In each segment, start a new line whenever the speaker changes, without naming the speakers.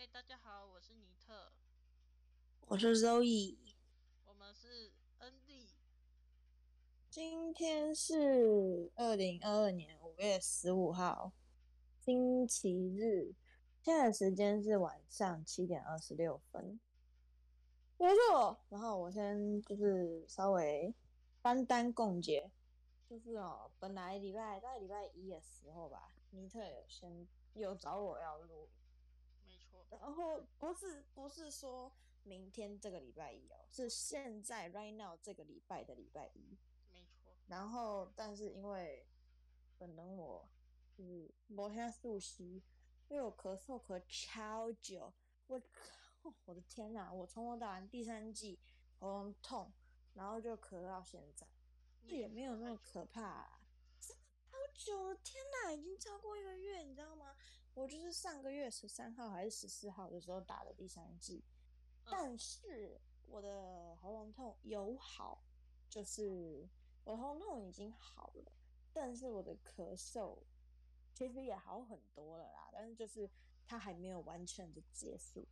哎、hey，大家好，我是尼特，
我是 Zoey，
我們是恩利。
今天是二零二二年五月十五號，星期日。現在的時間是晚上七點二十六分。沒錯，然後我先就是稍微翻單，單共解，就是哦，本來禮拜大概禮拜一的時候吧，尼特有先有找我要錄。然後不是不是說明天這個禮拜一哦，是現在 right now 這個禮拜的禮拜一，
沒錯。
然後但是因為本，可能我嗯沒那麼熟悉因為我咳嗽咳超久，我靠我的天哪！我從我打完第三劑喉嚨痛，然後就咳到現在，這也沒有那麼可
怕啊！
真的超久，天哪，已經超過一個月，你知道嗎？我就是上個月十三號還是十四號的時候打的第三劑，嗯，但是我的喉嚨痛有好，就是我喉嚨痛已經好了，但是我的咳嗽其實也好很多了啦，但是就是它還沒有完全的結束。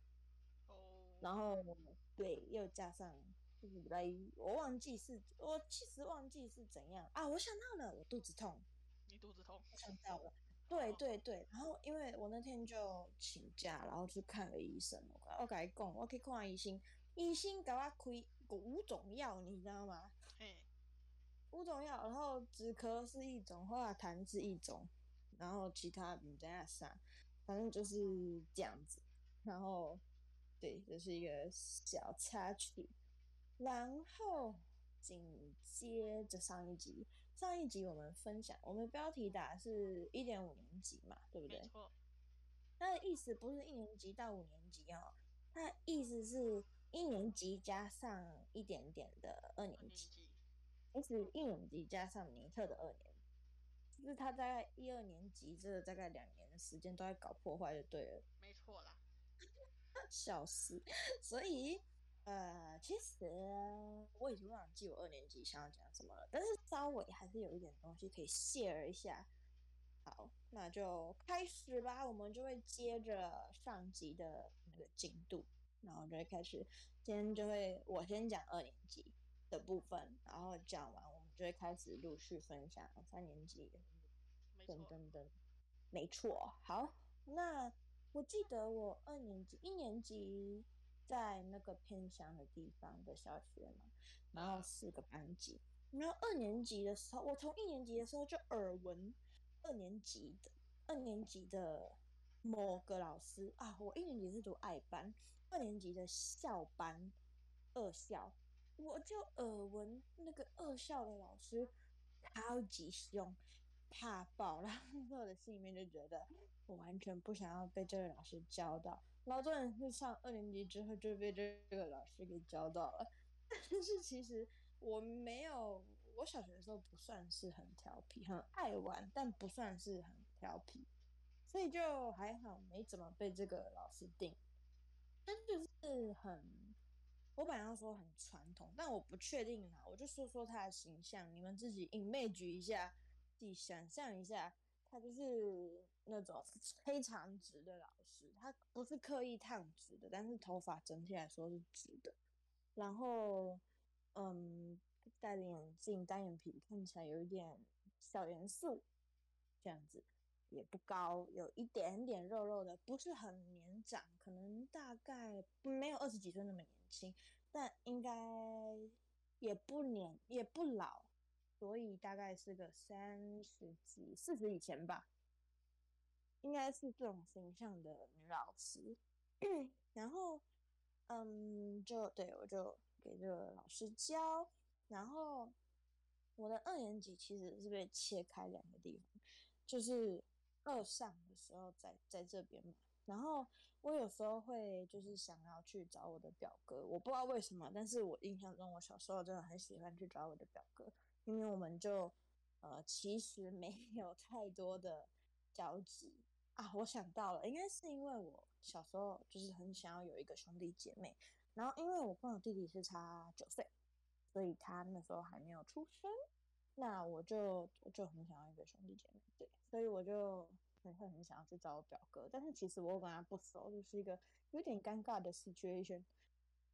哦，嗯。然後對，又加上來，我忘記是我其實忘記是怎樣啊，我想到了，我肚子痛。你
肚子痛？我想到了。
對對對，然後因為我那天就請假，然後去看了醫生。我改講，我去看醫生，醫生給我開五種藥，你知道嗎？嗯，五種藥，然後止咳是一種，化痰是一種，然後其他不知道啥，反正就是這樣子。然後，對，這、就是一個小插曲。然後。緊接着上一集，上一集我們分享，我們標題打是一點五年級嘛，對不對？他那的意思不是一年級到五年級哦，那意思是一年級加上一點點的二年級，意思一年級加上尼特的二年，就是他在一二年級這大概兩年的時間都在搞破壞，就對了。
沒錯啦，
小事，所以。呃，其實我已經忘記我二年級想要講什麼了，但是稍微還是有一點東西可以 share 一下。好，那就開始吧，我們就會接着上集的那個進度，然後就會開始。今天就會我先講二年級的部分，然後講完我們就會開始陸續分享三年級。等等等，沒錯。好，那我記得我二年級、一年級。在那個偏鄉的地方的小學嘛，
然後四個班級，
然後二年級的時候，我從一年級的時候就耳聞，二年級的二年級的某個老師啊，我一年級是讀愛班，二年級的孝班二孝，我就耳聞那個二孝的老師超級兇，怕爆了，然後我的心裡面就覺得我完全不想要被這位老師教到。老人是上二年級之後，就被這個老師給教到了，但是其實我沒有，我小學的時候不算是很調皮，很愛玩，但不算是很調皮，所以就還好，沒怎麼被這個老師盯。但就是很，我本來要說很傳統，但我不確定啦，我就說說他的形象，你們自己 image 一下，自己想象一下。他就是那種非常直的老師，他不是刻意燙直的，但是頭髮整體來說是直的。然後，嗯，戴着眼鏡，單眼皮，看起來有一點小嚴肅，這樣子也不高，有一點點肉肉的，不是很年長，可能大概沒有二十幾歲那麼年輕，但應該也不年也不老。所以大概是個三十幾、四十以前吧，應該是這種形象的女老師。 然後，嗯，就，對，我就給這個老師教。然後我的二年級其實是被切開兩個地方，就是二上的時候在在這邊嘛。然後我有時候會就是想要去找我的表哥，我不知道為什麼，但是我印象中我小時候真的很喜歡去找我的表哥。因為我們就，呃，其實沒有太多的交集啊。我想到了，應該是因為我小時候就是很想要有一個兄弟姐妹，然後因為我跟我弟弟是差九歲，所以他那時候還沒有出生，那我就我就很想要一個兄弟姐妹，對，所以我就很很想要去找我表哥，但是其實我跟他不熟，就是一個有點尷尬的 situation，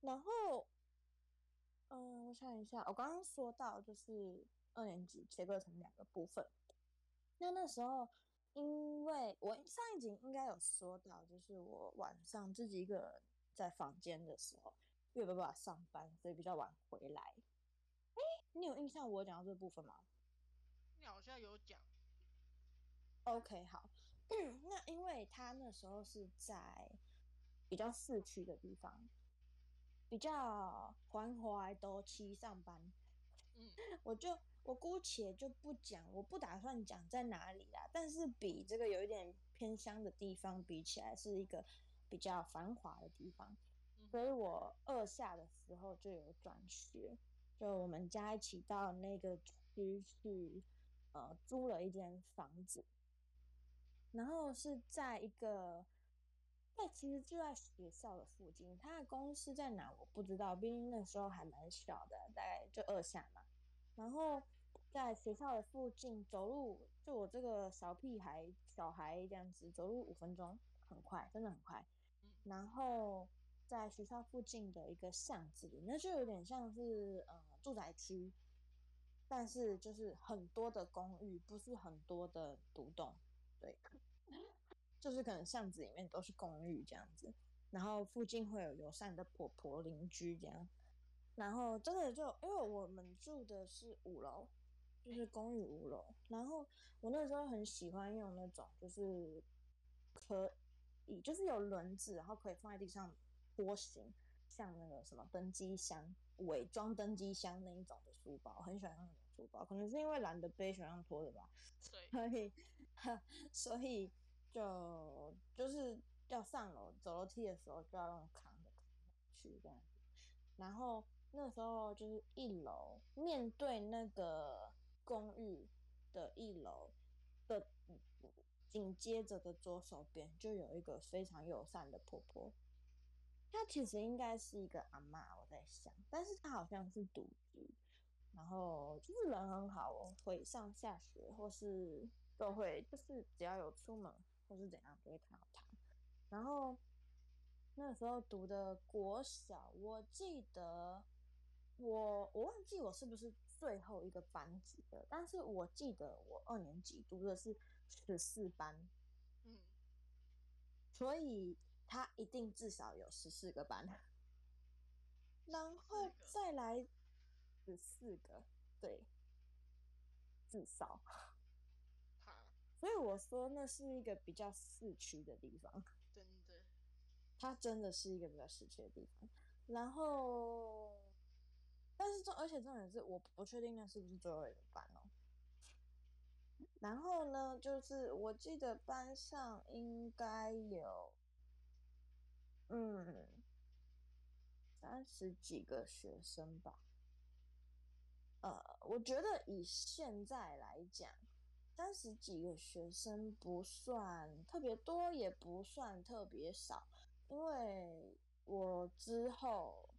然後。嗯，我想一下，我剛剛說到就是二年級切割成兩個部分。那那時候，因為我上一集應該有說到，就是我晚上自己一個人在房間的時候，因為沒辦法上班，所以比較晚回來。哎、欸，你有印象我有講到這部分嗎？
你好像有講。
OK，好
那因
為他那時候是在比較市區的地方。比較繁華的區上班，嗯，我就我姑且就不講，我不打算講在哪裡啦、啊，但是比這個有一點偏鄉的地方比起來，是一個比較繁華的地方。嗯、所以，我二下的時候就有轉學，就我們家一起到那個區去，呃，租了一間房子，然後是在一個。但其實就在學校的附近，他的公司在哪，我不知道，畢竟那時候還蠻小的，大概就二下嘛。然後在學校的附近走路，就我這個小屁孩小孩這樣子走路五分鐘，很快，真的很快。然後在學校附近的一個巷子裡，那就有點像是、呃、住宅區，但是就是很多的公寓，不是很多的獨棟，對。就是可能巷子裡面都是公寓這樣子，然後附近會有友善的婆婆鄰居這樣，然後真的就因為我們住的是五樓，就是公寓五樓，然後我那時候很喜歡用那種就是可以，以就是有輪子，然後可以放在地上拖行，像那個什麼登機箱、偽裝登機箱那一種的書包，我很喜歡用那種書包，可能是因為懶得背，喜歡拖的吧，
所
以 所以。就就是要上樓走樓梯的時候就要用扛着去這樣子，然後那時候就是一樓面對那個公寓的一樓的緊接着的左手邊就有一個非常友善的婆婆，她其實應該是一個阿嬤，我在想，但是她好像是獨居，然後就是人很好、哦，會上下學或是都會，就是只要有出門。或是怎樣不會太好談，然後那時候讀的國小，我記得我我忘記我是不是最後一個班級的，但是我記得我二年級讀的是十四班，嗯，所以他一定至少有十四個班，啊，然後再來十四個，對，至少。所以我說，那是一個比較市區的地方，對對，它真的是一個比較市區的地方。然後，但是這而且重點是，我不確定那是不是最後一個班哦。然後呢，就是我記得班上應該有，嗯，三十幾個學生吧。呃，我覺得以現在來講，三十幾個學生不算特別多，也不算特別少，因為我之後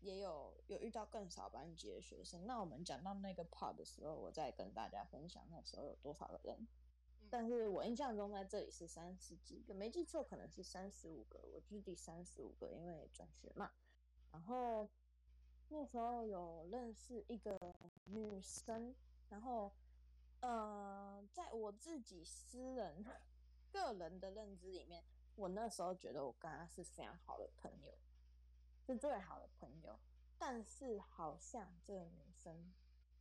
也有有遇到更少班級的學生。那我們講到那個 part 的時候，我再跟大家分享那時候有多少個人。嗯、但是我印象中在這裡是三十幾個，沒記錯可能是三十五個，我就是第三十五個，因為轉學嘛。然後那時候有認識一個女生，然後。呃，在我自己私人個人的認知裡面，我那時候覺得我跟他是非常好的朋友，是最好的朋友。但是好像這個女生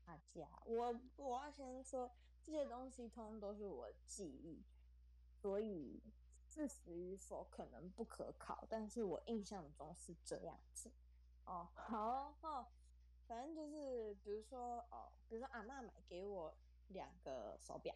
阿佳，我我要先說這些東西通通都是我的記憶，所以事實與否可能不可考，但是我印象中是這樣子。哦，好哦，哦反正就是比如說哦，比如說阿嬤買給我。兩個手錶，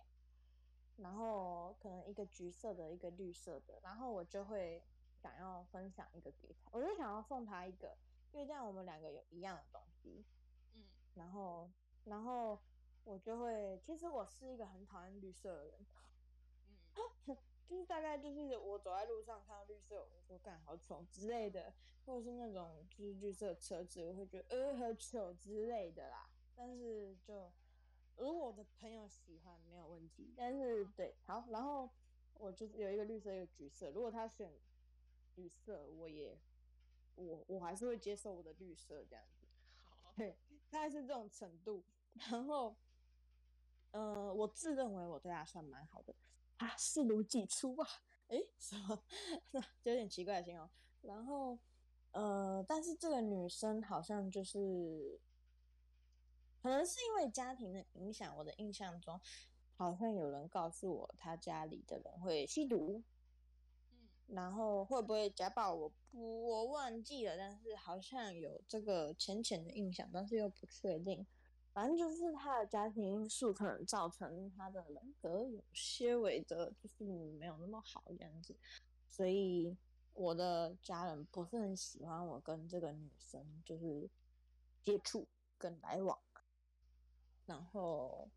然後可能一個橘色的，一個綠色的，然後我就會想要分享一個給他，我就想要送他一個，因為這樣我們兩個有一樣的東西，嗯，然後然後我就會，其實我是一個很討厭綠色的人，嗯，就是大概就是我走在路上看到綠色我就，我會說幹好醜之類的，或者是那種就是綠色車子，我會覺得呃好醜之類的啦，但是就。如果我的朋友喜歡沒有問題，但是對好，然後我就是有一個綠色，一個橘色。如果他選橘色，我也我我還是會接受我的綠色這樣子。好，
對，
大概是這種程度。然後，嗯、呃，我自認為我對他算蠻好的啊，視如己出啊。哎、欸，什麼？就 有點奇怪的形容。然後，呃，但是這個女生好像就是。可能是因為家庭的影響，我的印象中好像有人告訴我他家裡的人會吸毒，嗯，然後會不會家暴我，我不我忘記了，但是好像有這個淺淺的印象，但是又不確定。反正就是他的家庭因素可能造成他的人格有些微的，就是沒有那麼好這樣子，所以我的家人不是很喜歡我跟這個女生就是接觸跟來往。然後，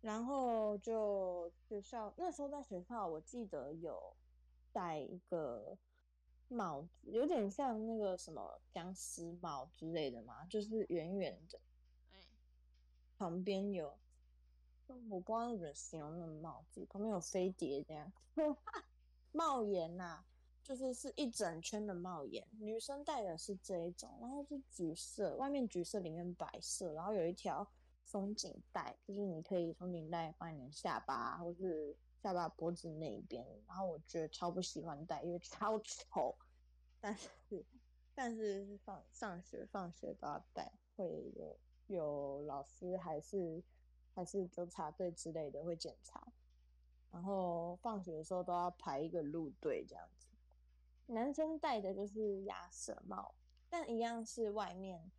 然後就學校那時候在學校，我記得有戴一個帽子，有點像那個什麼僵屍帽之類的嘛，就是圓圓的。旁邊有，我忘了怎麼形容那個帽子，旁邊有飛碟這樣，帽檐吶。就是是一整圈的帽檐，女生戴的是這一種，然後是橘色，外面橘色，裡面白色，然後有一條鬆緊帶，就是你可以從鬆緊帶放你的下巴，或是下巴脖子那一邊。然後我覺得超不喜歡戴，因為超醜。但是但是放上學放學都要戴，會有有老師還是還是糾察隊之類的會檢查，然後放學的時候都要排一個路隊這樣。男生戴的就是鴨舌帽，但一樣是外面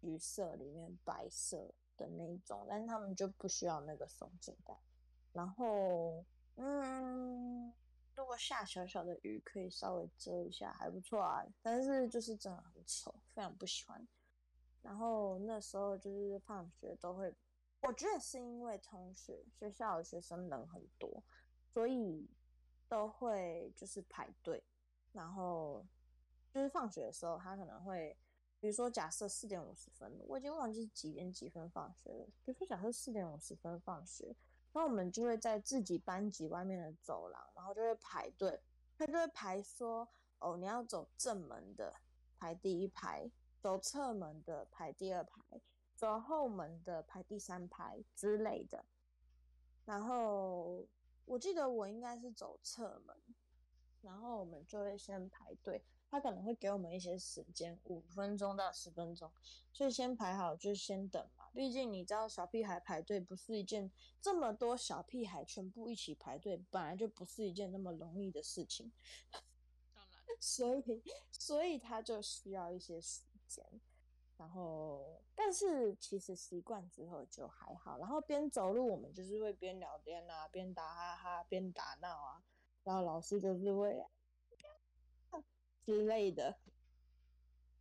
雨色，裡面白色的那一種，但是他們就不需要那個鬆緊帶。然後，嗯，如果下小小的雨，可以稍微遮一下，還不錯啊。但是就是真的很醜，非常不喜歡。然後那時候就是放學都會，我覺得是因為同學，學校的學生人很多，所以都會就是排隊。然後就是放學的時候，他可能會，比如說假設四點五十分，我已經忘記是幾點幾分放學了。比如說假設四點五十分放學，那我們就會在自己班級外面的走廊，然後就會排隊。他就會排說：“哦，你要走正門的排第一排，走側門的排第二排，走後門的排第三排之類的。”然後我記得我應該是走側門。然後我們就會先排隊，他可能會給我們一些時間，五分鐘到十分鐘，所以先排好就先等嘛。畢竟你知道，小屁孩排隊不是一件，這麼多小屁孩全部一起排隊本來就不是一件那麼容易的事情。 當然，所以，所以他就需要一些時間。然後，但是其實習慣之後就還好。然後邊走路，我們就是會邊聊天啊，邊打哈哈，邊打鬧啊。然後老師就是會之類的，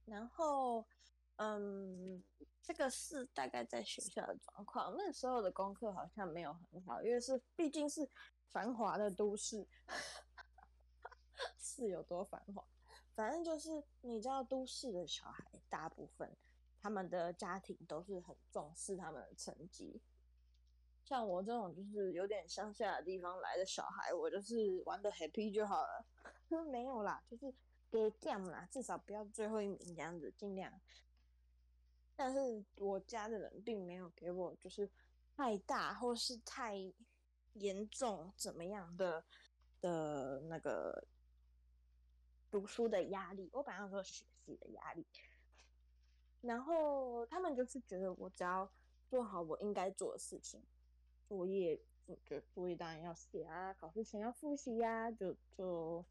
然後，嗯，這個是大概在學校的狀況。那時候的功課好像沒有很好，因為是畢竟是繁華的都市， 是有多繁華？反正就是你知道，都市的小孩大部分他們的家庭都是很重視他們的成績。像我這種就是有點鄉下的地方來的小孩，我就是玩得 happy 就好了。嗯，沒有啦，就是給這樣啦，至少不要最後一名這樣子，盡量。但是我家的人並沒有給我就是太大或是太嚴重怎麼樣的的那個讀書的壓力，我本來說學習的壓力，然後他們就是覺得我只要做好我應該做的事情。作業就作業當然要寫啊，考試前要複習呀、啊，就就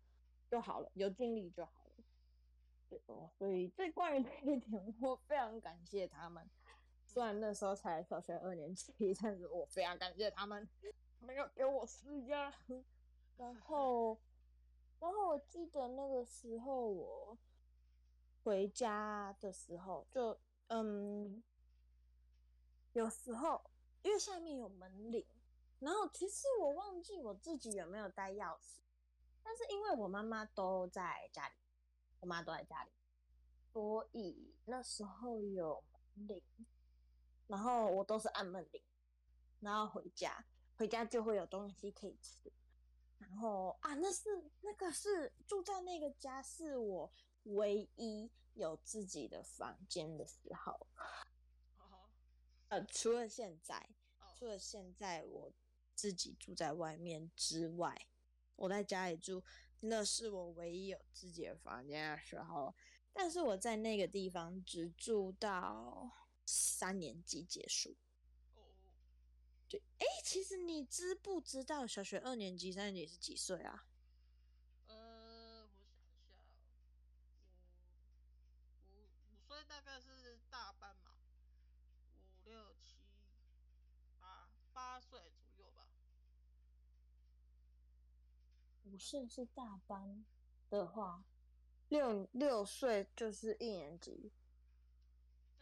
就好了，有盡力就好了，對吧？所以，最關於這一點，我非常感謝他們。雖然那時候才小學二年級，但是我非常感謝他們沒有給我施壓。然後，然後我記得那個時候我回家的時候，就嗯，有時候。因為下面有門鈴，然後其實我忘記我自己有沒有帶鑰匙，但是因為我媽媽都在家裡，我媽都在家裡，所以那時候有門鈴，然後我都是按門鈴，然後回家，回家就會有東西可以吃，然後啊，那是那個是住在那個家是我唯一有自己的房間的時候。啊，除了現在，除了現在我自己住在外面之外，我在家裡住，那是我唯一有自己的房間的時候。但是我在那個地方只住到三年級結束。哦，對，哎、欸，其實你知不知道小學二年級、三年級是幾歲啊？五歲是大班的話，嗯、六六歲就是一年級，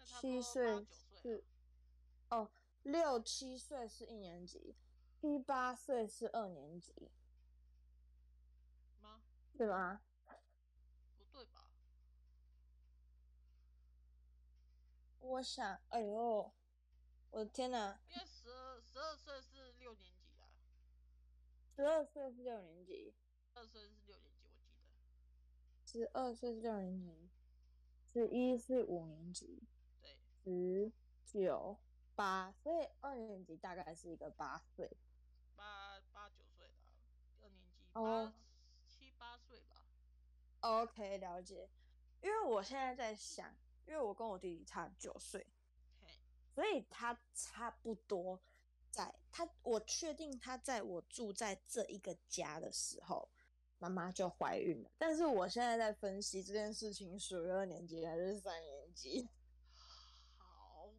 七歲是哦，六七歲是一年級，七八歲是二年級嗎？對嗎？不對
吧？
我想，哎呦，我的天哪！十二歲是六年級，
十二歲是六年級，我記得。
十二歲是六年級，十一是五年級。對，十九八，所
以二年級
大概是一個八歲，八
八九歲吧，六年級，八七八歲吧。
OK，了解。因為我現在在想，因為我跟我弟弟差九歲，okay. 所以他差不多。在他，我確定他在我住在這一個家的時候，媽媽就懷孕了。但是我現在在分析這件事情，屬於二年級還是三年級？好，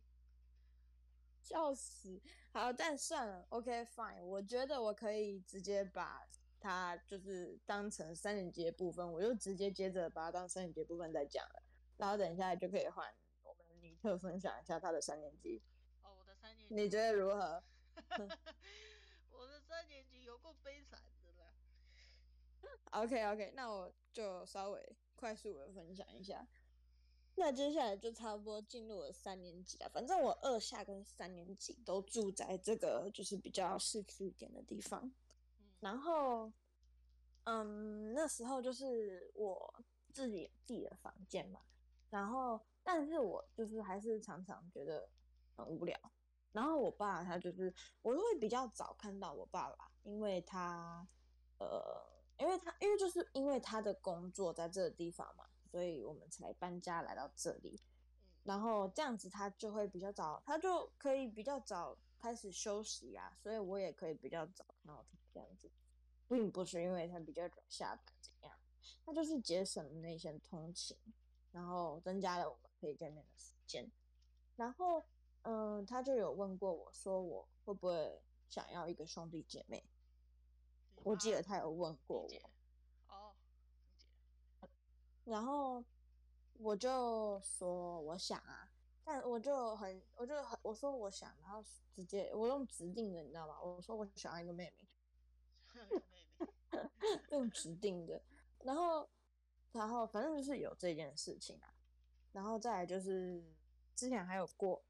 笑死！好，但算了，OK fine。我覺得我可以直接把它就是當成三年級的部分，我就直接接着把它當三年級的部分再講了。然後等一下就可以換我們尼特分享一下他的三年級。哦，
我的三年級，你覺得如何？ 我的三
年級有夠悲慘的啦。OK OK，那我就稍微快速的分享一下。那接下來就差不多進入了三年級了。反正我二下跟三年級都住在這個就是比較市區一點的地方，嗯。然後，嗯，那時候就是我自己自己的房間嘛。然後，但是我就是還是常常覺得很無聊。然後我爸他就是，我就會比較早看到我爸爸，因為他呃，因為他因為就是因為他的工作在這個地方嘛，所以我們才搬家來到這裡，嗯。然後這樣子他就會比較早，他就可以比較早開始休息啊，所以我也可以比較早看到他這樣子，並不是因為他比較早下班怎樣，他就是節省了那些通勤，然後增加了我們可以見面的時間，然後。嗯、呃，他就有問過我說我會不會想要一個兄弟姐妹？我記得他有問過我哦。Oh. Yeah. 然後我就說我想啊，但我就很，我就很，我說我想，然後直接我用指定的，你知道嗎？我說我想要一個妹妹， 用指定的。 然後，然後反正就是有這件事情啊。然後再來就是之前還有過。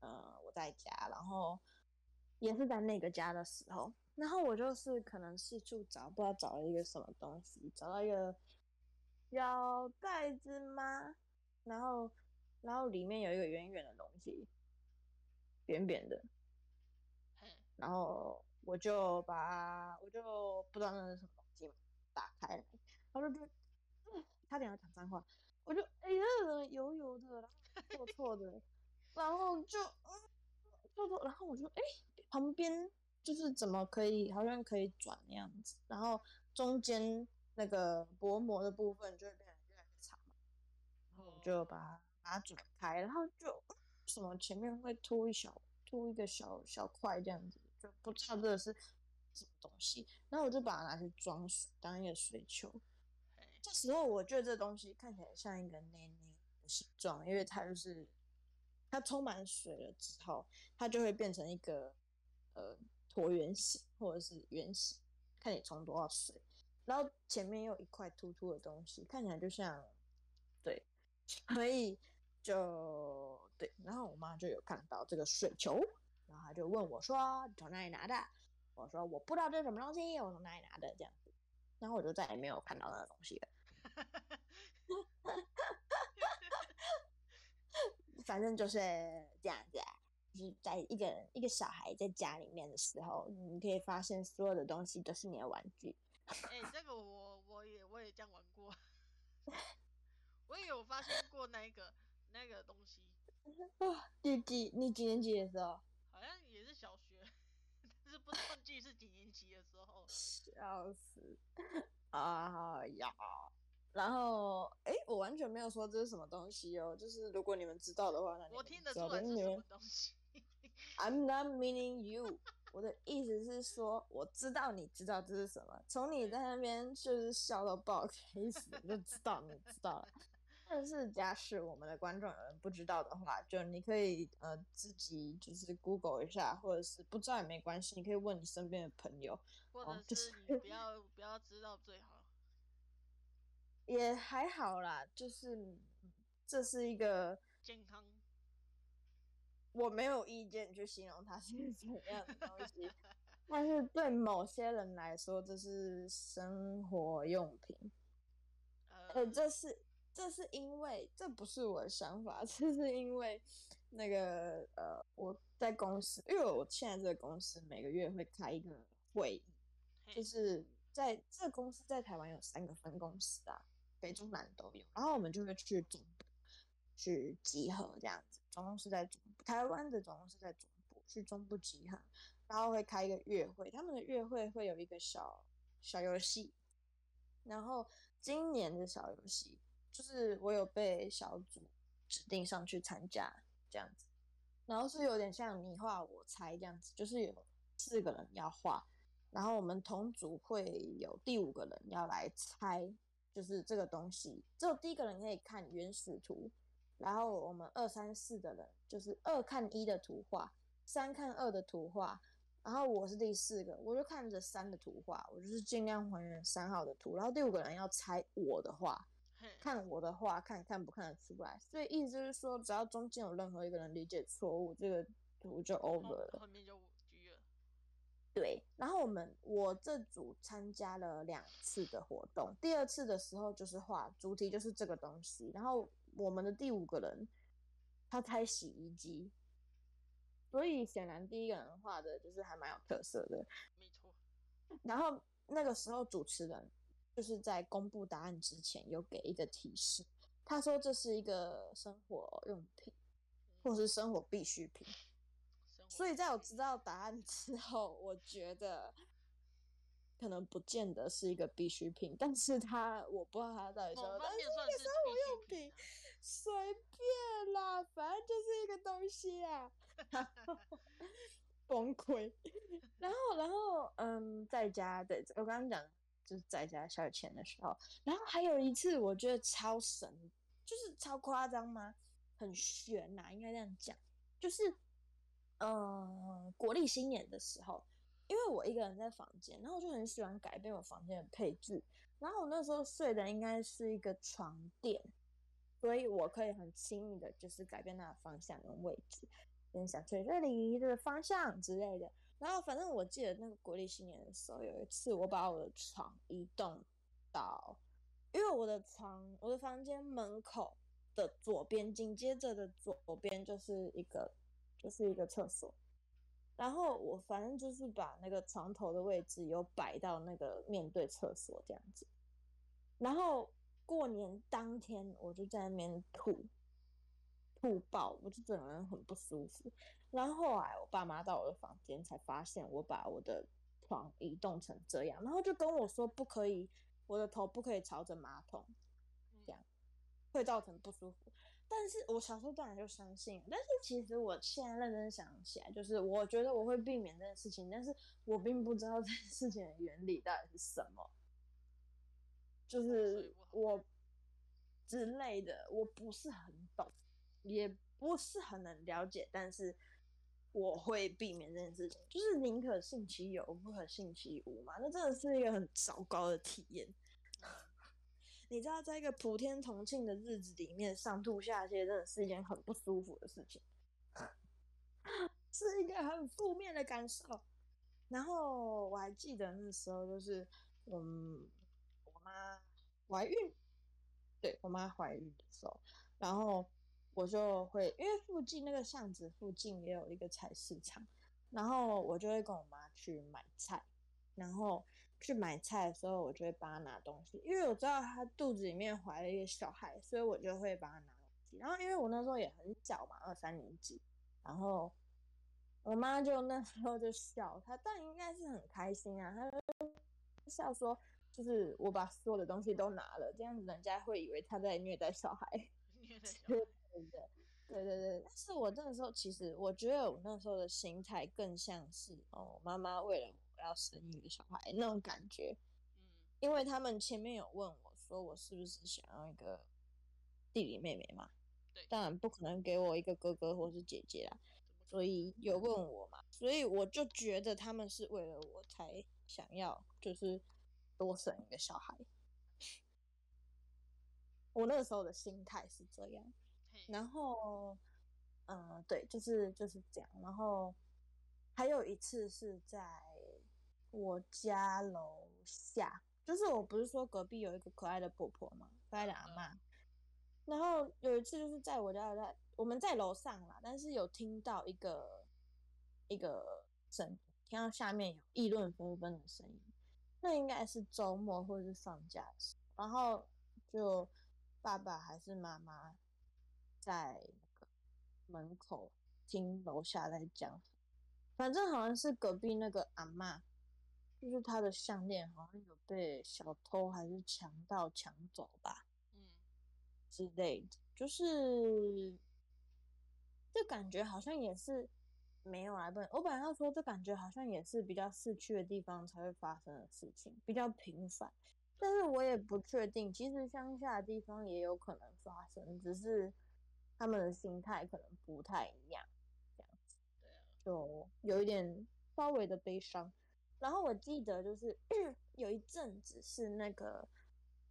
呃，我在家，然後也是在那個家的時候，然後我就是可能四處找，不知道找了一個什麼東西，找到一個小袋子嗎？然後然後裡面有一個圓圓的東西，扁扁的，然後我就把我就不知道那是什麼東西打開來，然後就、嗯、差點要講髒話，我就哎呀，油油的，然後做錯的。 然後就，就、嗯、多，然後我就哎、欸，旁邊就是怎麼可以，好像可以轉那樣子，然後中間那個薄膜的部分就會變得越來越長嘛，然後我就把它把它轉開，然後就、嗯、什麼前面會凸一小，凸一個小小塊這樣子，就不知道這個是什麼東西，然後我就把它拿去裝水，當一個水球。這時候我覺得這東西看起來像一個捏捏的形狀，因為它就是。它充滿水了之後，它就會變成一個呃橢圓形或者是圓形，看你充多少水。然後前面又有一塊凸凸的東西，看起來就像對，所以就對。然後我媽就有看到這個水球，然後她就問我說：“你從哪裡拿的？”我說：“我不知道這是什麼東西，我從哪裡拿的？”這樣子，然後我就再也沒有看到那個東西了。 反正就是這樣子、啊，就是在一個人一個小孩在家裡面的時候，你可以發現所有的東西都是你的玩具。哎、欸，
這個我我也我也這樣玩過， 我也有發現過那個 那個東西。
你幾你幾年級的時候？
好像也是小學，但是不忘記是幾年級的時候。笑
死！啊呀。然後，哎，我完全沒有說這是什麼東西哦。就是如果你們知道的話，那你們，你們我聽得出是什麼東西。I'm not meaning you， 我的意思是說，我知道你知道這是什麼。從你在那邊就是笑到爆開始，就知道你知道了。 但是假使我們的觀眾有人不知道的話，就你可以呃自己就是 Google 一下，或者是不知道也沒關係，你可以問你身邊的朋友。或者是你不
要 不要知道最好。
也還好啦，就是這是一個健康，我沒有意見去形容它是什麼樣的東西， 但是對某些人來說，這是生活用品。呃、嗯，這是這是因為這不是我的想法，這是因為那個呃，我在公司，因為我現在這個公司每個月會開一個會議，嗯，就是在這個公司在台灣有三個分公司啊。北中南都有，然後我們就會去中部去集合這樣子，總共是在中部，台灣的總共是在中部去中部集合，然後會開一個月會，他們的月會會有一個小小遊戲，然後今年的小遊戲就是我有被小組指定上去參加這樣子，然後是有點像你畫我猜這樣子，就是有四個人要畫，然後我們同組會有第五個人要來猜。就是這個東西，只有第一個人可以看原始圖，然後我們二三四的人就是二看一的圖畫，三看二的圖畫，然後我是第四個，我就看着三的圖畫，我就是盡量還原三號的圖，然後第五個人要猜我的畫，看我的畫，看看不看得出來，所以意思就是說，只要中間有任何一個人理解錯誤，這個圖就 over 了。對，然後我們我這組參加了兩次的活動，第二次的時候就是畫主題就是這個東西，然後我們的第五個人他開洗衣機，所以顯然第一個人畫的就是還蠻有特色的，沒錯。然後那個時候主持人就是在公布答案之前有給一個提示，他說這是一個生活用品，或是生活必需品。所以，在我知道答案之後，我覺得可能不見得是一個必需品，但是他我不知道他到底說什麼，但是一個生活用品，隨 便啦，反正就是一個東西啊， 崩潰。然後，然後，嗯，在家，對我剛剛講就是在家消遣的時候，然後還有一次，我覺得超神，就是超誇張嗎？很懸吶啊，應該這樣講，就是。嗯，國曆新年的時候，因為我一個人在房間，然後我就很喜歡改變我房間的配置。然後我那時候睡的應該是一個床墊，所以我可以很輕易的，就是改變那個方向跟位置，想睡這裡的方向之類的。然後反正我記得那個國曆新年的時候，有一次我把我的床移動到，因為我的床我的房間門口的左邊，緊接着的左邊就是一個。就是一個廁所，然後我反正就是把那個床頭的位置有擺到那個面對廁所這樣子，然後過年當天我就在那邊吐吐爆，我就整個人很不舒服。然後後來我爸媽到我的房間才發現我把我的床移動成這樣，然後就跟我說不可以，我的頭不可以朝着馬桶，這樣會造成不舒服。但是我小時候當然就相信，但是其實我現在認真想起來，就是我覺得我會避免這件事情，但是我並不知道這件事情的原理到底是什麼，就是我之類的，我不是很懂，也不是很能了解，但是我會避免這件事情，就是寧可信其有，不可信其無嘛，那真的是一個很糟糕的體驗。你知道，在一個普天同慶的日子裡面，上吐下瀉真的是一件很不舒服的事情，嗯，是一個很負面的感受。然後我還記得那時候，就是嗯，我媽懷孕，對我媽懷孕的時候，然後我就會因為附近那個巷子附近也有一個菜市場，然後我就會跟我媽去買菜，然後。去買菜的時候，我就會幫他拿東西，因為我知道他肚子裡面懷了一個小孩，所以我就會幫他拿東西。然後，因為我那時候也很小嘛，二三年級，然後我媽就那時候就笑他，但應該是很開心啊，她就笑說，就是我把所有的東西都拿了，嗯，這樣子人家會以為他在虐待小孩，虐待小孩。對對對，但是我那個時候其實我覺得我那時候的心態更像是哦，媽媽為了。要生一個小孩那種感覺，嗯，因為他們前面有問我，說我是不是想要一個弟弟妹妹嘛？對，當然不可能給我一個哥哥或是姐姐啦，嗯，所以有問我嘛，嗯，所以我就覺得他們是為了我才想要，就是多生一個小孩。 我那個時候的心態是這樣。嘿，呃，就是就是這樣，然後，嗯，對，就是就是這樣。然後還有一次是在。我家樓下就是，我不是說隔壁有一個可愛的婆婆嘛，可愛的阿嬤。然後有一次就是在我家，在我們在樓上啦，但是有聽到一個一個聲音，聽到下面有議論紛紛的聲音。那應該是周末或者是放假的時候，然後就爸爸還是媽媽在那個門口聽樓下在講，反正好像是隔壁那個阿嬤，就是他的項鏈好像有被小偷還是強盜搶走吧，嗯，之類的，就是這感覺好像也是沒有來問。我本來要說這感覺好像也是比較市區的地方才會發生的事情，比較頻繁。但是我也不確定，其實鄉下的地方也有可能發生，只是他們的心態可能不太一樣，這樣子，對啊，就有一點稍微的悲傷。然後我記得就是有一陣子是那個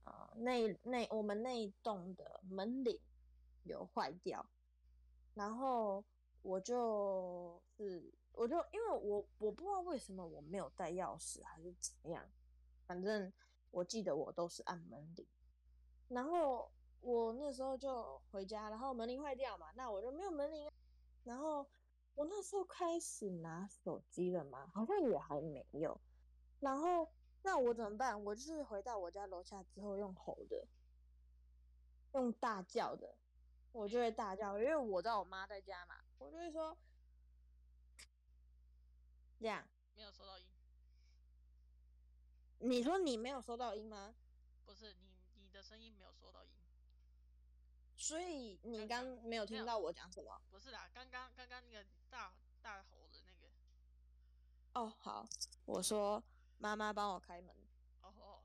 呃，那那我們那一棟的門鈴有壞掉，然後我就是我就因為我我不知道為什麼我沒有帶鑰匙還是怎樣，反正我記得我都是按門鈴，然後我那時候就回家，然後門鈴壞掉嘛，那我就沒有門鈴啊，然後。我那時候開始拿手機了嗎？好像也還沒有。然後，那我怎麼辦？我就是回到我家樓下之後，用吼的，用大叫的，我就會大叫，因為我知道我媽在家嘛，我就會說這樣。
沒有收到音。
你說你沒有收到音嗎？
不是你，你的聲音沒有收到音。
所以你剛沒有聽到我講什麼？
不是啦，剛剛剛剛那個大大吼的那個。
哦，好，我說媽媽幫我開門。
哦哦，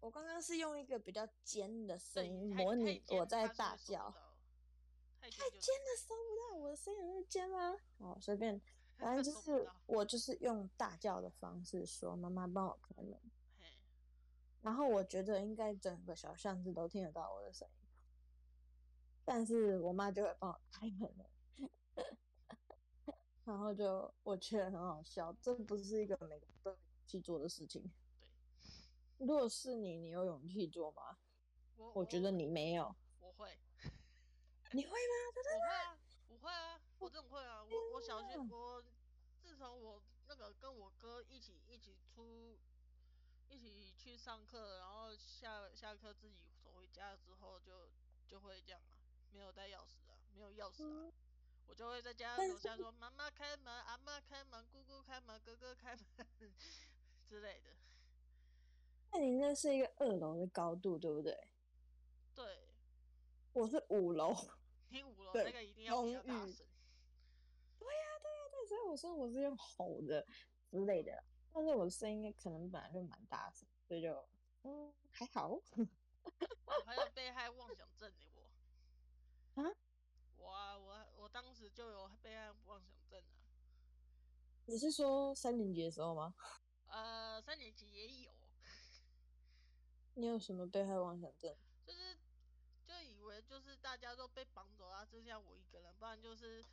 我剛
剛是用一個比較尖的聲音模擬我在大叫，太尖了，收不到我的聲音，很尖嗎？哦，隨便，反正就是我就是用大叫的方式說媽媽幫我開門嘿。然後我覺得應該整個小巷子都聽得到我的聲音。但是我媽就會幫我開門， 然後就我卻很好笑，這不是一個每個都去做的事情。對，如果是你，你有勇氣做嗎？
我我覺得你沒有。我，我會。
你會嗎？
真的嗎？我會啊，我會啊，我這種會啊。我我小學我自從我那個跟我哥一起一起出一起去上課，然後下下課自己走回家之後就，就就會這樣啊。沒有帶鑰匙啊，沒有鑰匙啊，嗯、我就會在家樓下說：“媽媽開門，阿嬤開門，姑姑開門，哥哥開門”，呵呵之類的。
那你那是一個二樓的高度，對不對？
對，
我是五樓。
你五樓那個一定要大
點聲。對呀、啊，對呀、啊啊，對，所以我說我是用吼的之類的，但是我的聲音可能本來就蠻大聲，所以就嗯還好。
我 還有被害妄想症、欸。啊！我啊，我我當時就有被害妄想症啊！
你是說三年級的時候嗎？
呃，三年級也有。
你有什麼被害妄想症？
就是就以為就是大家都被綁走了啊，剩下我一個人，不然就是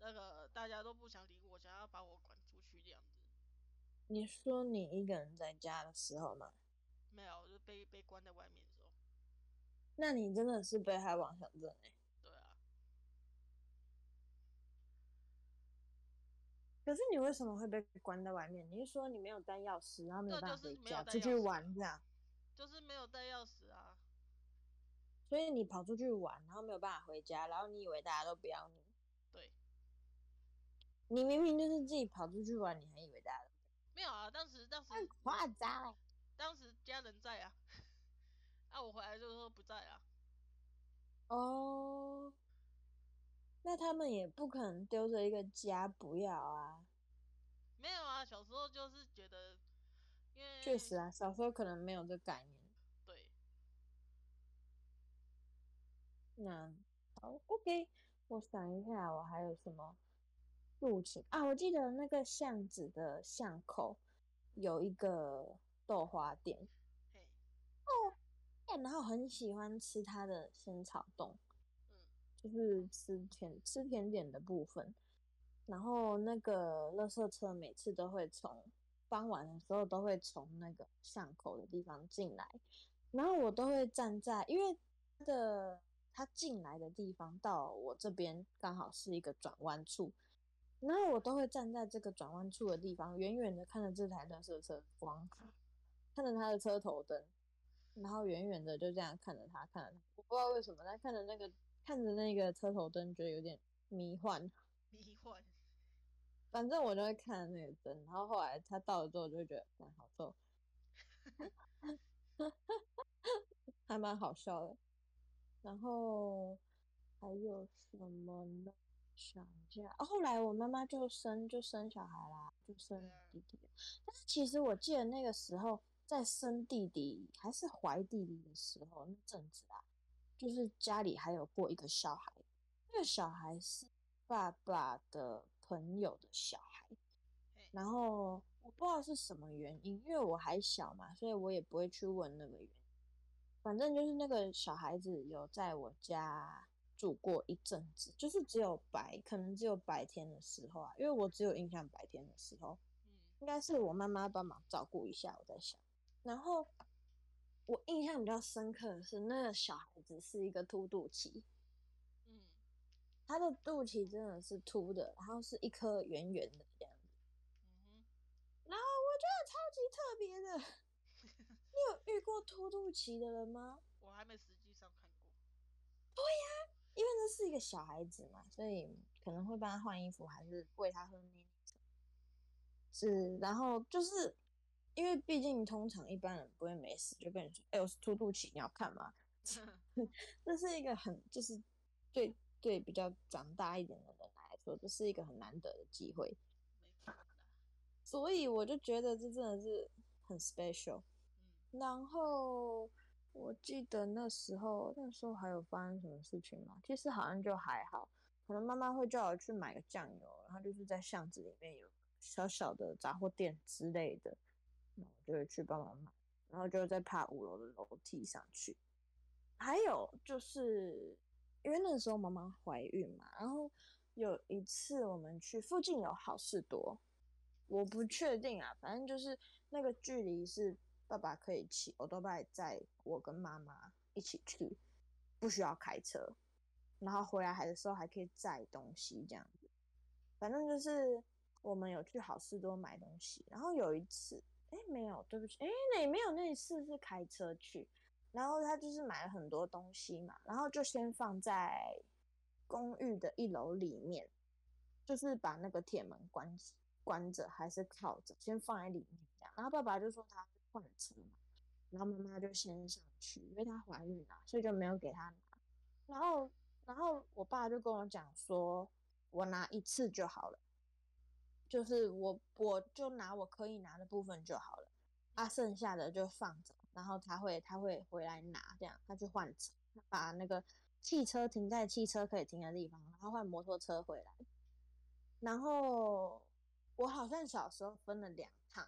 那個大家都不想理我，想要把我趕出去這樣子。
你說你一個人在家的時候嗎？
沒有，就被被關在外面的時候。
那你真的是被害妄想症哎欸！可是你為什麼會被關在外面？你是說你沒有帶鑰匙，然後沒有辦法回家，出去玩這樣？就是沒有帶鑰匙啊，就是沒有帶鑰匙啊，所以你跑出去玩，然後沒有辦法回家，然後你以為
大家都不要你？對，
你明明就是自己跑出去玩，你還以
為大家都沒有啊？當時當時很誇張，當時家人在啊，啊我回來就是說不在啊，
哦。那他們也不可能丟着一個家不要啊！
沒有啊，小時候就是覺得，因為確實啊，
小時候可能沒有這概念。
對。
那好，OK，我想一下，我還有什麼？事情啊，我記得那個巷子的巷口有一個豆花店。Hey. 哦、嗯。然後很喜歡吃它的仙草凍。就是吃甜吃甜點的部分，然後那個垃圾車每次都會從傍晚的時候都會從那個巷口的地方進來，然後我都會站在，因為他的他進來的地方到我這邊剛好是一個轉彎處，然後我都會站在這個轉彎處的地方，遠遠的看着這台垃圾車光，看着他的車頭燈，然後遠遠的就這樣看着他看着他，我不知道為什麼在看着那個。看着那個車頭燈，覺得有點迷幻。迷幻，反正我就會看那個燈。然後後來他到了之後，就覺得蠻好笑，， 還蠻好笑的。然後還有什麼呢？想一下。哦，後來我媽媽就生就生小孩啦，啊，就生弟弟，嗯。但是其實我記得那個時候在生弟弟還是懷弟弟的時候那陣子啊。就是家裡還有過一個小孩，那個小孩是爸爸的朋友的小孩，然後我不知道是什麼原因，因為我還小嘛，所以我也不會去問那個原因。反正就是那個小孩子，有在我家住過一陣子，就是只有白，可能只有白天的時候啊，因為我只有印象白天的時候，嗯，應該是我媽媽幫忙照顧一下。我在想，然後。我印象比較深刻的是，那個小孩子是一個凸肚臍，
嗯，
他的肚臍真的是凸的，然後是一顆圓圓的這樣子，
然後我覺得超級特別的。
你有遇過凸肚臍的人嗎？
我還沒實際上看過。
對呀、啊，因為那是一個小孩子嘛，所以可能會幫他換衣服，還是
餵他喝奶。
是，然後就是。因為畢竟，通常一般人不會沒事就跟你說：“哎、欸，我是凸肚臍，你要看嗎？” 這是一個很，就是對對比較長大一點的人來說，這是一個很難得的機會、啊，所以我就覺得這真的是很 special、嗯。然後我記得那時候，那時候還有發生什麼事情嗎？其實好像就還好，可能媽媽會叫我去買個醬油，然後就是在巷子裡面有小小的雜貨店之類的。我就去幫忙買，然後就在爬五樓的樓梯上去。還有就是，因為那時候媽媽懷孕嘛，然後有一次我們去附近有好市多，我不確定啊，反正就是那個距離是爸爸可以騎歐多拜載，我跟媽媽一起去，不需要開車。然後回來還的時候還可以載東西這樣子，反正就是我們有去好市多買東西，然後有一次。哎、欸，沒有，對不起，欸，那也沒有，那一次是開車去，然後他就是買了很多東西嘛，然後就先放在公寓的一樓裡面，就是把那個鐵門關關着，還是靠着，先放在裡面這樣。然後爸爸就說他換車嘛，然後媽媽就先上去，因為她懷孕了，所以就沒有給她拿。然後，然後我爸就跟我講說，我拿一次就好了。就是我，我就拿我可以拿的部分就好了，啊，剩下的就放着，然後他會他會回來拿，這樣他就換車，把那個汽車停在汽車可以停的地方，然後換摩托車回來，然後我好像小時候分了兩趟，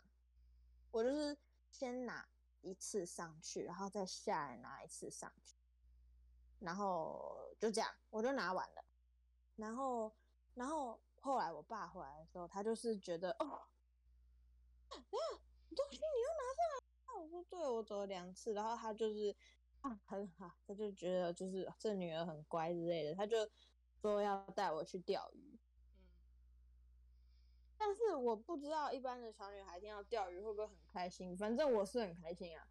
我就是先拿一次上去，然後再下來拿一次上去，然後就這樣我就拿完了，然後然後。後來我爸回來的時候，他就是覺得哦，哎，東西你要拿上來。我說對，我走了兩次。然後他就是啊、嗯，很好，他就覺得就是這女兒很乖之類的，他就說要帶我去釣魚。嗯，但是我不知道一般的小女孩聽到釣魚會不會很開心，反正我是很開心啊。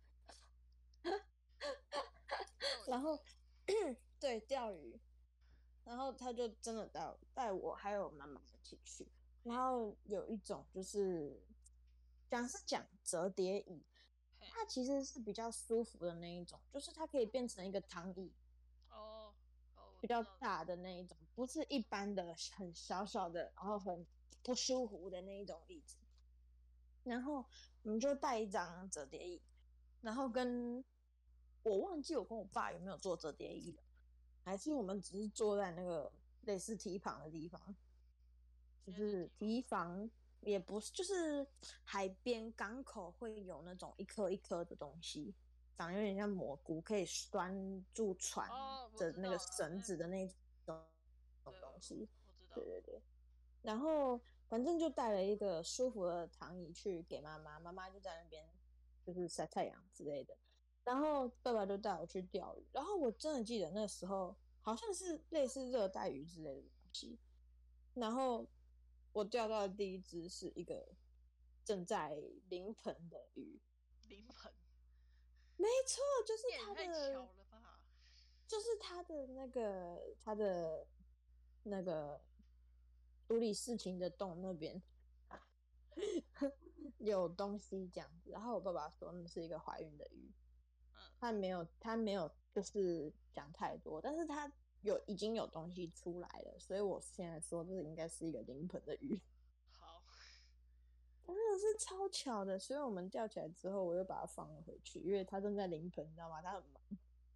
然 後 對釣魚。然後他就真的帶我帶我還有媽媽一起去，然後有一種就是講是講摺疊椅，它其實是比較舒服的那一種，就是它可以變成一個躺椅哦，比較大的那一種，不是一般的很小小的，然後很不舒服的那一種椅子。然後我們就帶一張摺疊椅，然後跟我忘記我跟我爸有沒有坐摺疊椅了。還是我們只是坐在那個類似堤防的地方，就是堤防，也不是，就是海邊港口會有那種一顆一顆的東西，長得有點像蘑菇，可以拴住船的那個繩子的那種東西。哦、對，對，對，對對對。然後反正就帶了一個舒服的躺椅去給媽媽，媽媽就在那邊就是曬太陽之類的。然後爸爸就帶我去釣魚，然後我真的記得那時候好像是類似熱帶魚之類的東西，然後我釣到的第一隻是一個正在臨盆的魚，
臨盆，沒錯，就是他的，
就是他的那個他的那個處理事情的洞那邊、啊、 有東西這樣子，然後我爸爸說那是一個懷孕的魚。他沒有，他沒有，就是講太多，但是他有已經有東西出來了，所以我現在說，這是應該是一個臨盆的魚。
好，但
真的是超巧的。所以我們釣起來之後，我又把它放了回去，因為它正在臨盆，你知道嗎？它很忙，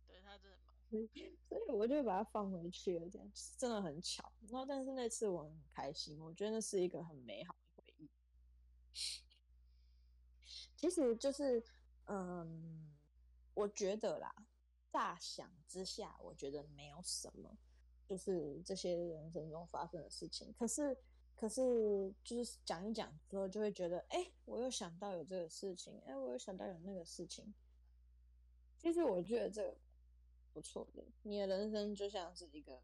對，它真的很忙，所以我就把它放回去了。這樣，就是、真的很巧。然後，但是那次我很開心，我覺得那是一個很美好的回憶。其實，就是嗯。我覺得啦，乍想之下，我覺得沒有什麼，就是這些人生中發生的事情。可是，可是，就是講一講之後，就會覺得，哎、欸，我又想到有這個事情，哎、欸，我又想到有那個事情。其實我覺得這個不錯的，你的人生就像是一個，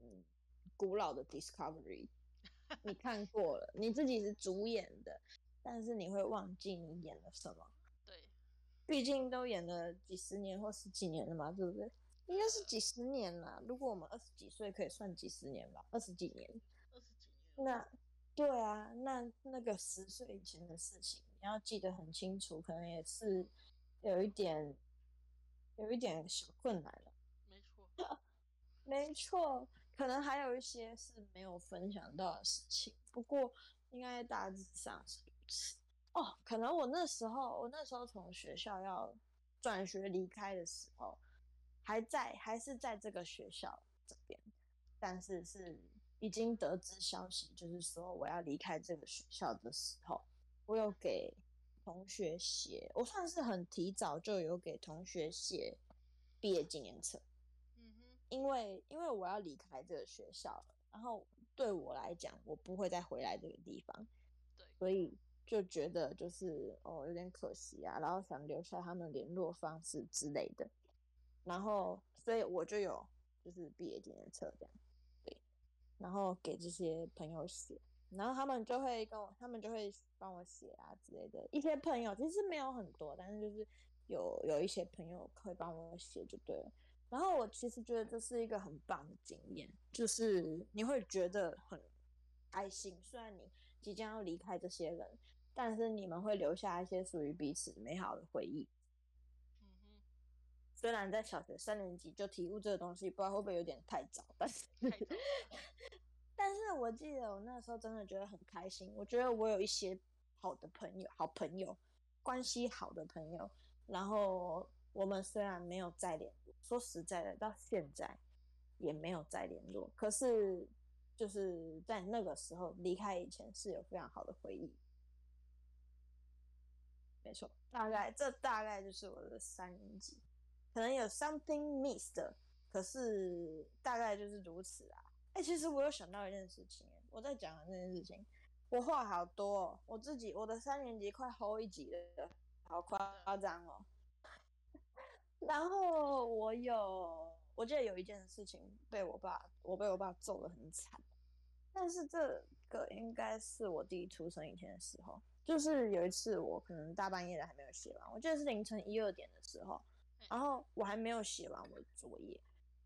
嗯，古老的 discovery。你看過了， 你自己是主演的，但是你會忘記你演了什麼。畢竟都演了幾十年或十幾年了嘛，是不是？應該是幾十年啦。如果我們二十幾歲可以算幾十年吧，二十幾年。二十幾年。那對啊，那那個十歲以前的事情，你要記得很清楚，可能也是有一點，有一點小困難了。沒錯， 沒錯，可能還有一些是沒有分享到的事情，不過應該大致上是如此。哦，可能我那時候，我那時候從學校要轉學離開的時候，還在還是在這個學校這邊，但是是已經得知消息，就是說我要離開這個學校的時候，我有給同學寫，我算是很提早就有給同學寫畢業紀念冊，嗯哼，因為因為我要離開這個學校了，然後對我來講，我不會再回來這個地方，對，所以。就覺得就是哦，有點可惜啊，然後想留下他們聯絡方式之類的，然後所以我就有就是畢業紀念冊這樣，對，然後給這些朋友寫，然後他們就會跟我，他們就會幫我寫啊之類的。一些朋友其實沒有很多，但是就是有有一些朋友會幫我寫就對了。然後我其實覺得這是一個很棒的經驗，就是你會覺得很開心，雖然你即將要離開這些人。但是你們會留下一些屬於彼此美好的回憶。嗯哼，雖然在小學三年級就提過這個東西，不知道會不會有點太早，但是，但是我記得我那時候真的覺得很開心。我覺得我有一些好的朋友，好朋友，關係好的朋友。然後我們雖然沒有再聯絡，說實在的，到現在也沒有再聯絡，可是就是在那個時候離開以前，是有非常好的回憶。沒錯，大概這大概就是我的三年級，可能有 something missed，可是大概就是如此啊。哎、欸，其實我有想到一件事情，我在講的這件事情，我話好多、哦，我自己我的三年級快齁一集了，好誇張哦。 然後我有，我記得有一件事情被我爸，我被我爸揍得很慘，但是這個應該是我弟出生以前的時候。就是有一次，我可能大半夜的還沒有寫完，我記得是凌晨一二點的時候，然後我還沒有寫完我的作業，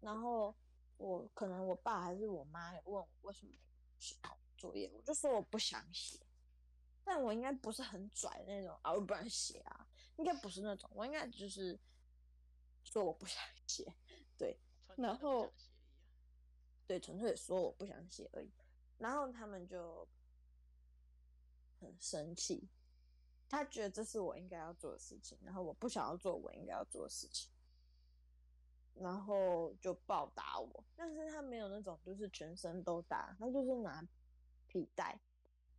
然後我可能我爸還是我媽也問我為什麼寫作業，我就說我不想寫，但我應該不是很拽的那種啊，我不想寫啊，應該不是那種，我應該就是說我不想寫，對，然後對，純粹說我不想寫而已，然後他們就。很生氣，他覺得這是我應該要做的事情，然後我不想要做我應該要做的事情，然後就暴打我。但是他沒有那種就是全身都打，他就是拿皮帶，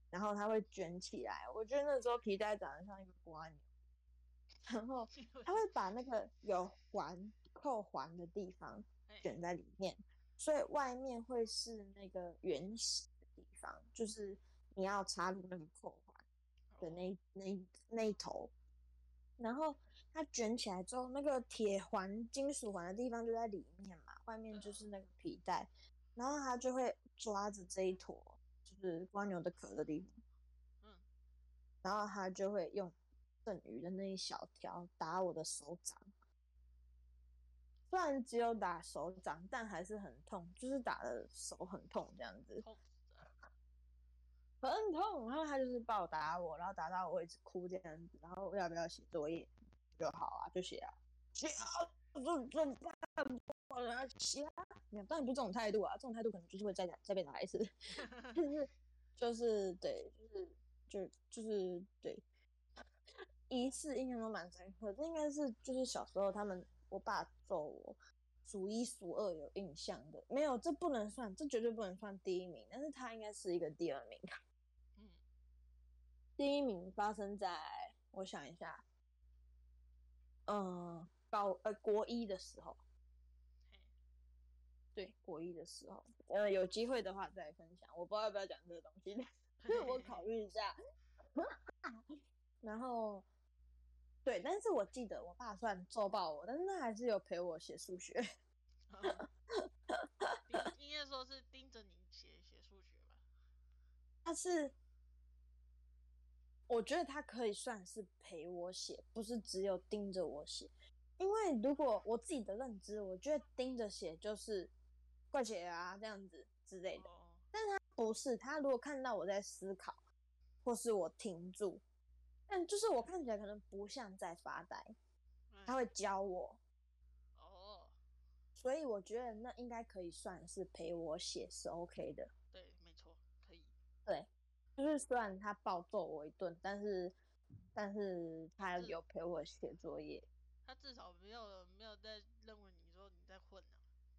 然後他會卷起來。我覺得那時候皮帶長得像一個蝸牛，然後他會把那個有環扣環的地方卷在裡面，所以外面會是那個原始的地方，就是。你要插入那個扣環的那，Oh. 那那，一那一頭，然後它捲起來之後，那個鐵環金屬環的地方就在裡面嘛，外面就是那個皮帶，然後它就會抓着這一坨，就是蝸牛的殼的地方，嗯，然後它就會用剩餘的那一小條打我的手掌，雖然只有打手掌，但還是很痛，就是打的手很痛這樣子。很痛，然後他就是暴打我，然後打到我一直哭這樣子，然後要不要寫作業就好啊，就寫啊，寫啊，怎怎辦？我來寫啊！當然不是這種態度啊，這種態度可能就是會再再被打一次， 就是對，就是就就是對，一次印象都蠻深刻的，這應該是就是小時候他們我爸揍我，數一數二有印象的，沒有，這不能算，這絕對不能算第一名，但是他應該是一個第二名。第一名發生在我想一下，嗯，高呃，國一的時候，hey. 對國一的時候，呃、嗯、有機會的話再分享，我不知道要不要講這個東西，hey. 所以我考慮一下。Hey. 然後，對，但是我記得我爸算揍爆我，但是他還是有陪我寫數學，
應、oh. 該 說是盯着你寫寫數學吧，
他是。我覺得他可以算是陪我寫，不是只有盯着我寫。因為如果我自己的認知，我覺得盯着寫就是快寫啊這樣子之類的。但他不是，他如果看到我在思考，或是我停住，但就是我看起來可能不像在發呆，他會教我。哦，所以我覺得那應該可以算是陪我寫是 OK 的。
對，沒錯，可以。
對。就是雖然他暴揍我一頓，但是，但是他有陪我寫作業。
他至少沒有沒有在認為你說你在混
呢啊。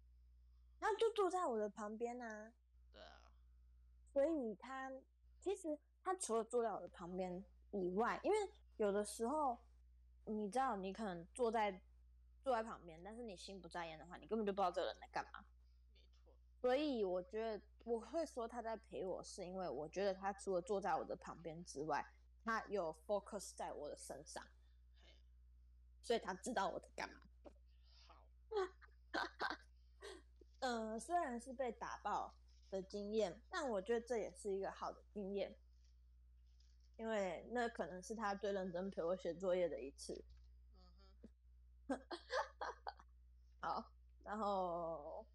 然後就坐在我的旁邊啊。對啊。所以他其實他除了坐在我的旁邊以外，因為有的時候你知道你可能坐在坐在旁邊，但是你心不在焉的話，你根本就不知道這個人在幹嘛。沒錯。所以我覺得。我會說他在陪我，是因為我覺得他除了坐在我的旁邊之外，他有 focus 在我的身上，所以他知道我在幹嘛。好 嗯，雖然是被打爆的經驗，但我覺得這也是一個好的經驗，因為那可能是他最認真陪我寫作業的一次。嗯哼 好，然後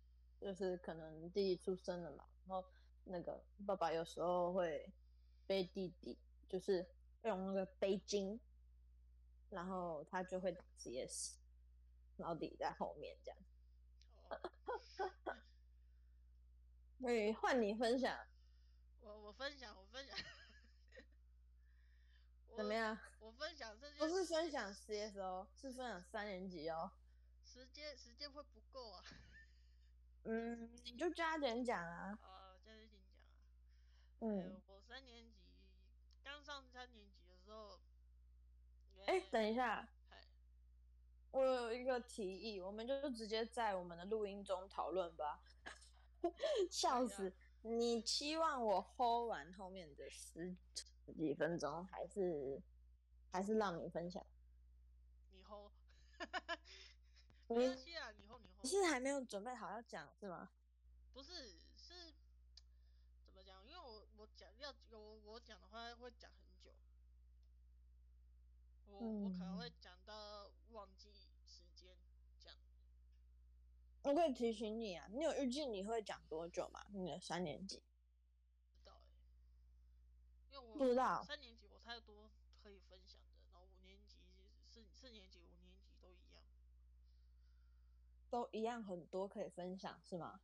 就是可能弟弟出生了嘛。然後那個爸爸有時候會背弟弟，就是用那個背巾，然後他就會打 CS，然後弟弟在後面這樣。可以換你分享，
我我分享我分享，分享 怎麼樣？我，我分享這
件事，這不是分享 CS 哦，是分享三年級哦。
時間時間會不夠啊？嗯，
你就加點講啊。
嗯、欸，我三年級剛上三年級的時候，哎、欸，等一下，
我有一個提議，我們就直接在我們的錄音中討論吧。笑，笑死、啊！你期望我 hold 完後面的十幾分鐘，還是還是讓你分享？你 hold，哈
哈哈！你，hold, 你 hold 你
是還沒有準備好要講是嗎？
不是。我講的話會講很久。我，我可能會講到忘記時間這
樣。我可以提醒你啊，你有預計你會講多久嗎？你的三年級。不知
道欸，因為我，不知道，三年級我太多可以分享的，然後五年級、四四年級、五年級都一樣，
都一樣很多可以分享是嗎？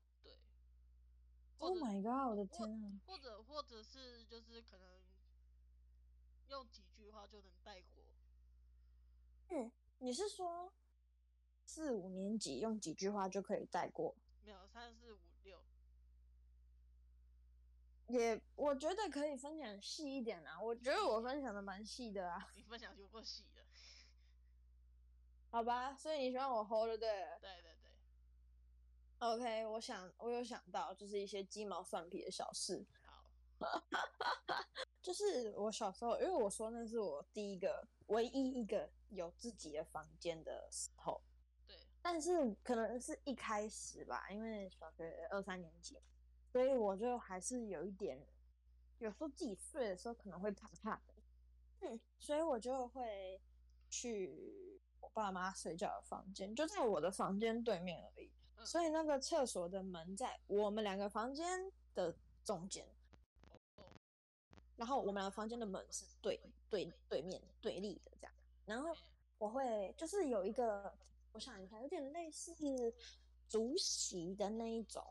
Oh my god！我的天啊！
或者，或者是，就是可能用幾句話就能帶過。
嗯，你是說四五年級用幾句話就可以帶過？
沒有，三四五六，
也我覺得可以分享細一點啊，我覺得我分享的蠻細的啊。你
分享就不細了。
好吧，所以你喜歡我 hold 對？對對。O.K. 我想，我有想到，就是一些雞毛蒜皮的小事。好， 就是我小時候，因為我說那是我第一個、唯一一個有自己的房間的時候。對。但是可能是一開始吧，因為小學二三年級，所以我就還是有一點，有時候自己睡的時候可能會怕怕的。嗯，所以我就會去我爸媽睡覺的房間，就在我的房間對面而已。所以那個廁所的門在我們兩個房間的中間，然後我們兩個房間的門是對、對對對面對立的這樣。然後我會就是有一個，我想一下，有點類似竹席的那一種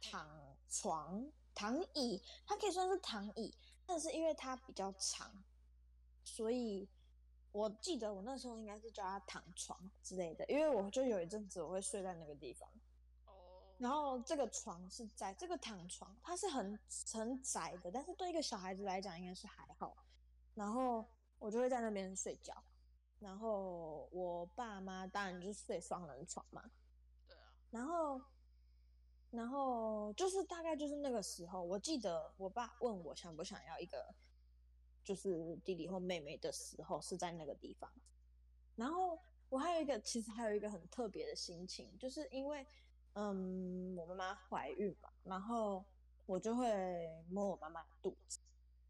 躺床躺椅，它可以算是躺椅，但是因為它比較長，所以。我記得我那時候應該是叫他躺床之類的，因為我就有一陣子我會睡在那個地方。哦。然後這個床是在這個躺床，它是很很窄的，但是對一個小孩子來講應該是還好。然後我就會在那邊睡覺，然後我爸媽當然就是睡雙人床嘛。對啊。然後，然後就是大概就是那個時候，我記得我爸問我想不想要一個。就是弟弟或妹妹的時候是在那個地方，然後我還有一個，其實還有一個很特別的心情，就是因為，嗯，我媽媽懷孕嘛，然後我就會摸我媽媽肚子，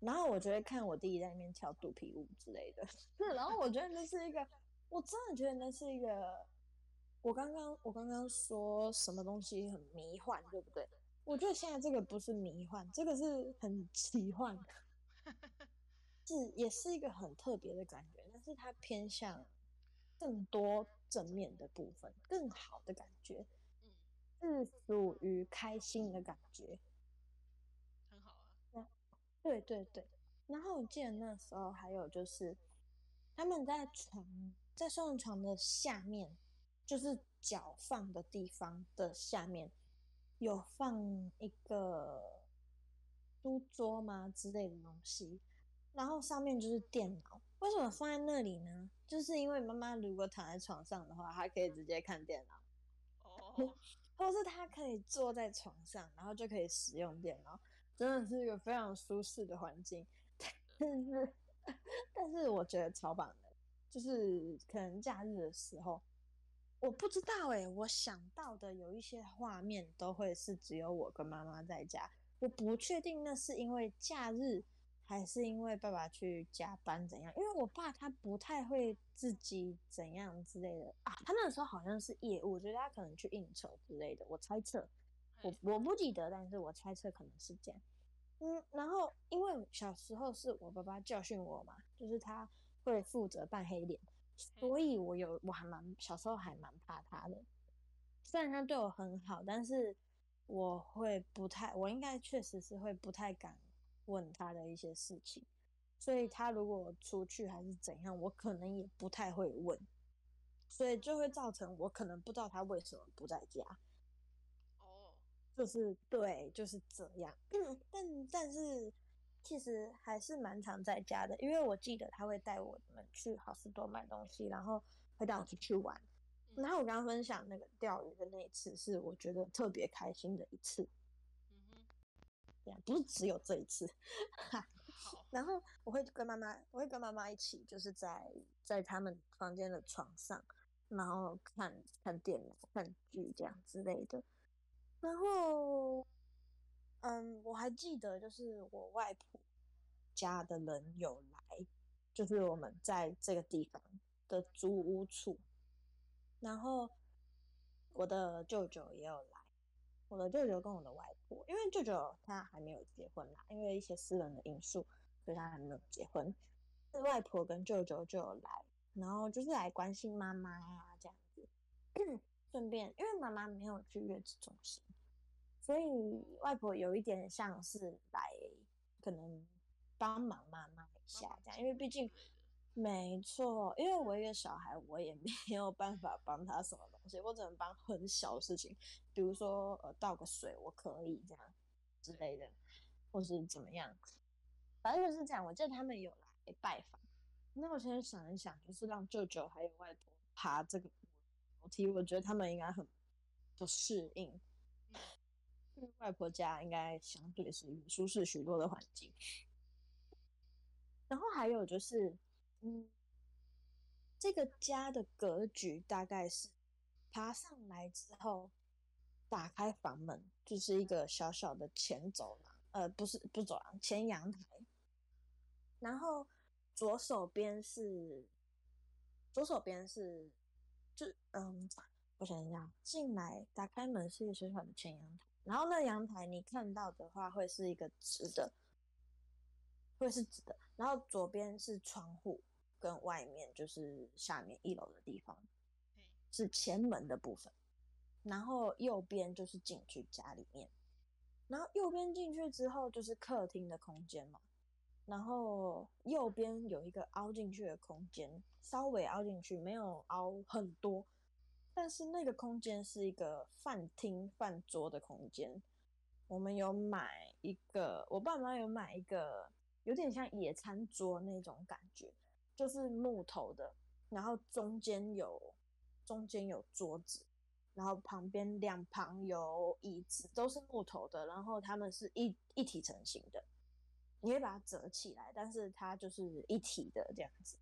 然後我就會看我弟弟在裡面跳肚皮舞之類的是，然後我覺得那是一個， 我真的覺得那是一個，我剛剛我剛剛說什麼東西很迷幻，對不對？我覺得現在這個不是迷幻，這個是很奇幻的。是，也是一個很特別的感覺，但是它偏向更多正面的部分，更好的感覺，嗯，是屬於開心的感覺，
很
好啊。那對，對，對。然後我記得那時候還有就是，他們在床在雙人床的下面，就是腳放的地方的下面，有放一個書桌嗎之類的東西？然後上面就是電腦，為什麼放在那裡呢？就是因為媽媽如果躺在床上的話，她可以直接看電腦。哦，或是她可以坐在床上，然後就可以使用電腦，真的是一個非常舒適的環境。但是，但是我覺得超棒的，就是可能假日的時候，我不知道哎，我想到的有一些畫面都會是只有我跟媽媽在家，我不確定那是因為假日。還是因為爸爸去加班怎樣？因為我爸他不太會自己怎樣之類的啊。他那個時候好像是業務，我覺得他可能去應酬之類的，我猜測。我我不記得，但是我猜測可能是這樣。嗯，然後因為小時候是我爸爸教訓我嘛，就是他會負責扮黑臉，所以我有我還蠻小時候還蠻怕他的。雖然他對我很好，但是我會不太，我應該確實是會不太敢。問他的一些事情，所以他如果出去還是怎樣，我可能也不太會問，所以就會造成我可能不知道他為什麼不在家。哦、oh.，就是對，就是這樣。嗯、但但是其實還是蠻常在家的，因為我記得他會帶我們去好市多買東西，然後會帶我出去玩。Oh. 然後我剛剛分享那個釣魚的那一次，是我覺得特別開心的一次。不是只有這一次 然後我會跟媽媽，我會跟媽媽一起，就是在在他們房間的床上，然後看看電影、看劇這樣之類的。然後，嗯，我還記得就是我外婆家的人有來，就是我們在這個地方的租屋處，然後我的舅舅也有來。我的舅舅跟我的外婆，因為舅舅他還沒有結婚啦，因為一些私人的因素，所以他還沒有結婚。外婆跟舅舅就有來，然後就是來關心媽媽啊這樣子。嗯，順便，因為媽媽沒有去月子中心，所以外婆有一點像是來可能幫忙媽媽一下，這樣，因為畢竟。沒錯，因為我一個小孩，我也沒有辦法幫他什麼東西，我只能幫很小的事情，比如說呃倒個水，我可以這樣之類的，或是怎麼樣，反正就是這樣。我覺得他們有來拜訪，那我現在想一想，就是讓舅舅還有外婆爬這個樓梯，我覺得他們應該很不適應，因為外婆家應該相對是舒適許多的環境，然後還有就是。嗯，這個家的格局大概是爬上來之後，打開房門就是一個小小的前走廊，呃，不是不是走廊，前陽台，然後左手邊是左手邊是，就嗯，我想一下，進來打開門是一個小小的前陽台，然後那陽台你看到的話會是一個直的。會是直的，然後左邊是窗戶跟外面，就是下面一樓的地方，是前門的部分。然後右邊就是進去家裡面，然後右邊進去之後就是客廳的空間嘛。然後右邊有一個凹進去的空間，稍微凹進去，沒有凹很多，但是那個空間是一個飯廳、飯桌的空間。我們有買一個，我爸媽有買一個。有點像野餐桌那種感覺，就是木頭的，然後中間有中間有桌子，然後旁邊兩旁有椅子，都是木頭的，然後它們是一一體成型的，你可以把它折起來，但是它就是一體的這樣子。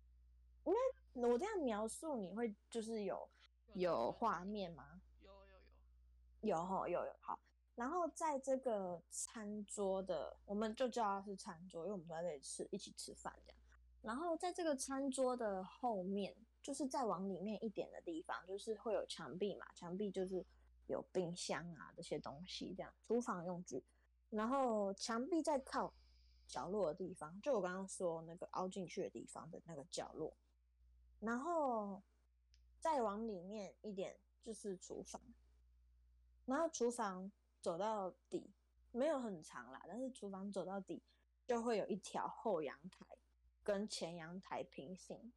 因為我這樣描述，你會就是有有畫面嗎？有有有有有有，好。然後在這個餐桌的，我們就叫它是餐桌，因為我們都在這裡吃，一起吃飯這樣。然後在這個餐桌的後面，就是再往裡面一點的地方，就是會有牆壁嘛，牆壁就是有冰箱啊這些東西這樣，廚房用具。然後牆壁再靠角落的地方，就我剛剛說那個凹進去的地方的那個角落。然後再往裡面一點就是廚房，然後廚房。走到底沒有很長啦，但是廚房走到底就會有一條後陽台跟前陽台平行，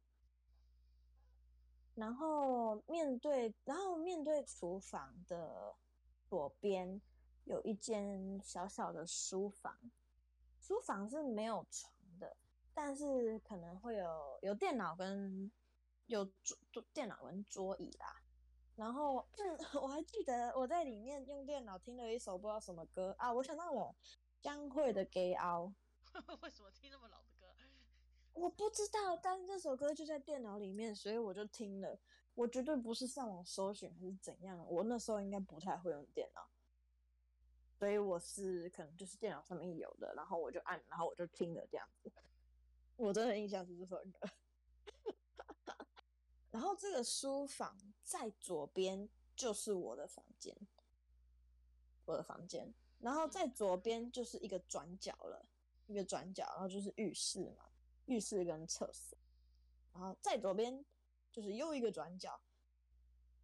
然後面對然後面對廚房的左邊有一間小小的書房，書房是沒有床的，但是可能會有有電腦跟有桌電腦跟桌椅啦。然後，嗯，我還記得我在裡面用電腦聽了一首不知道什麼歌啊，我想到了江蕙的、Gayout《g a y Out》，為什麼聽那麼老的歌？我不知道，但是這首歌就在電腦裡面，所以我就聽了。我絕對不是上網搜尋還是怎樣，我那時候應該不太會用電腦，
所
以我是可能就是電腦上面有的，然後我就按，然後我就聽了這樣子。我真的很印象是這樣的。然後這個書房在左邊就是我的房間，我的房間，然後在左邊就是一個轉角了，一個轉角，然後就是浴室嘛，浴室跟廁所，然後在左邊就是又一個轉角，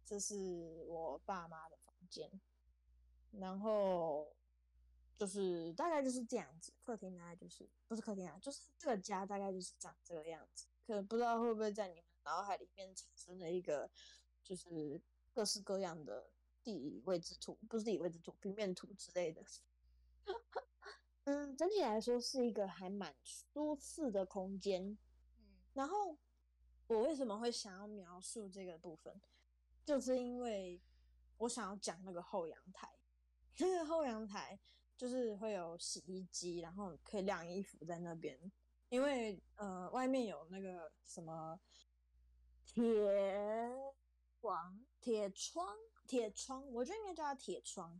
這是我爸媽的房間，然後就是大概就是這樣子，客廳大概就是，不是客廳啊，就是這個家大概就是長這個樣子，可能不知道會不會在你。腦海裡面產生了一個，就是各式各樣的地理位置圖，不是地理位置圖，平面圖之類的。 嗯，整體來說是一個還蠻舒適的空間。嗯，然後我為什麼會想要描述這個部分，就是因為我想要講那個後陽台。那 個後陽台就是會有洗衣機，然後可以晾衣服在那邊，因為呃，外面有那個什麼。鐵窗，鐵窗，鐵窗，我覺得應該叫它鐵窗。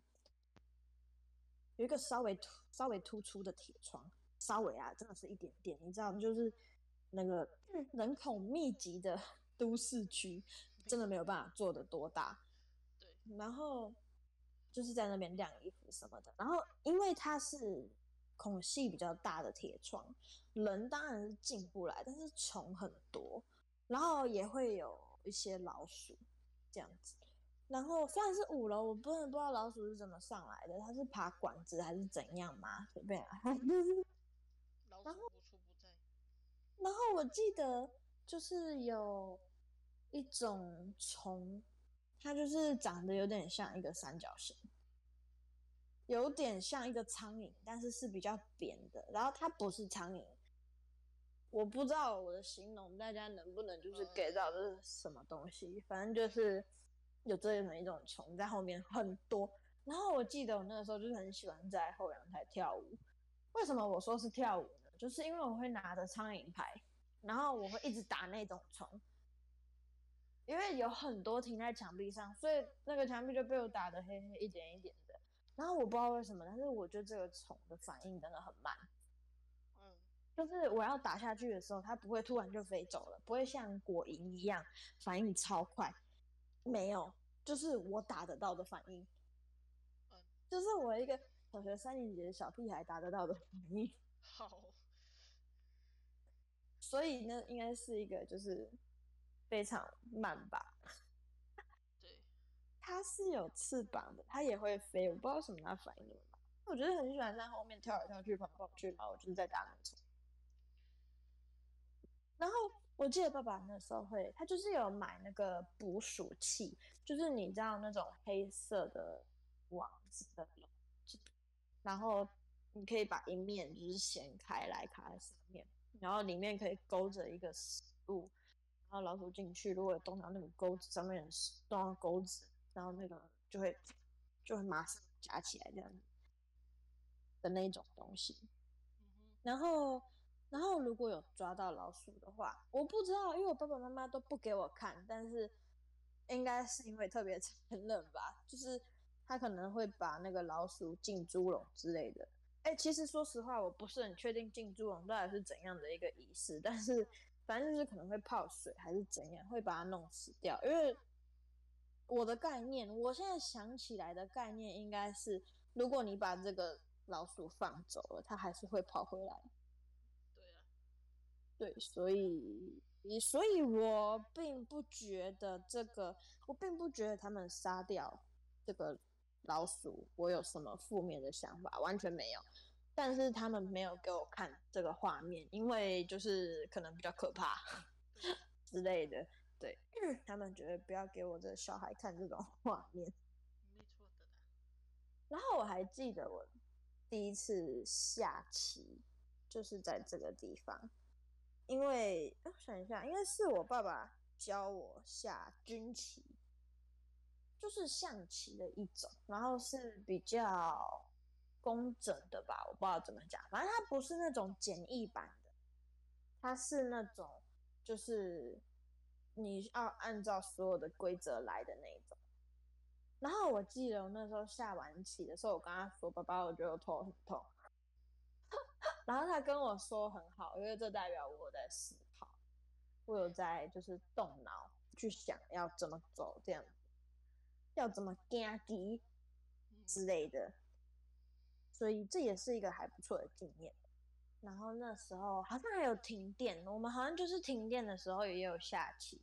有一個稍微、稍微突出的鐵窗，稍微啊，真的是一點點。你知道嗎？就是那個人口密集的都市區，真的沒有辦法做的多大。對，然後就是在那邊晾衣服什麼的。然後，因為它是孔隙比較大的鐵窗，人當然是進不來，但是蟲很多。然後也會有一些老鼠這樣子，然後雖然是五樓，我不能不知道老鼠是怎麼上來的，它是爬管子還是怎樣嘛？隨便。然後，然後我記得就是有一種蟲，它就是長得有點像一個三角形，有點像一個蒼蠅，但是是比較扁的，然後它不是蒼蠅。我不知道我的形容大家能不能就是給到這是什麼東西，反正就是有這樣的一種蟲在後面很多。然後我記得我那個時候就是很喜歡在後陽台跳舞。為什麼我說是跳舞呢？就是因為我會拿着蒼蠅拍，然後我會一直打那種蟲，因為有很多停在牆壁上，所以那個牆壁就被我打得黑黑一點一點的。然後我不知道為什麼，但是我覺得這個蟲的反應真的很慢。就是我要打下去的時候，它不會突然就飛走了，不會像果蠅一樣反應超快。沒有，就是我打得到的反應。嗯，就是我一個小學三年級的小屁孩打得到的反應。好，所以呢，應該是一個就是非常慢吧？對，它是有翅膀的，它也會飛，我不知道什麼它反應那麼慢。我覺得很喜歡在後面跳來跳去，跑來跑去，然後我就是在打籃球。然後我記得爸爸那時候會，他就是有買那個捕鼠器，就是你知道那種黑色的網子的籠子，然後你可以把一面就是掀開來卡在上面，然後裡面可以勾着一個食物，然後老鼠進去，如果動到那個鈎子上面，動到鈎子，然後那個就會就會馬上夾起來這樣子的那種東西，嗯、然後。然後如果有抓到老鼠的話，我不知道，因為我爸爸媽媽都不給我看。但是應該是因為特別殘忍吧，就是他可能會把那個老鼠浸豬籠之類的。哎、欸，其實說實話，我不是很確定浸豬籠到底是怎樣的一個儀式，但是反正就是可能會泡水還是怎樣，會把它弄死掉。因為我的概念，我現在想起來的概念應該是，如果你把這個老鼠放走了，它還是會跑回來。對，所以，所以，我並不覺得這個，我並不覺得他們殺掉這個老鼠，我有什麼負面的想法，完全沒有。但是他們沒有給我看這個畫面，因為就是可能比較可怕 之類的。對，他們覺得不要給我這個小孩看這種畫面，
沒錯的啦。
然後我還記得我第一次下棋就是在這個地方。因為我想一下，應該是我爸爸教我下軍棋，就是象棋的一種，然後是比較工整的吧，我不知道怎麼講，反正它不是那種簡易版的，它是那種就是你要按照所有的規則來的那種。然後我記得我那時候下完棋的時候，我跟他說：“爸爸，我覺得我頭很痛，痛……”然後他跟我說，很好，因為這代表我在思考，我有在就是動腦去想要怎麼走，這樣要怎麼加急之類的，所以這也是一個還不錯的經驗。然後那時候好像還有停電，我們好像就是停電的時候也有下棋，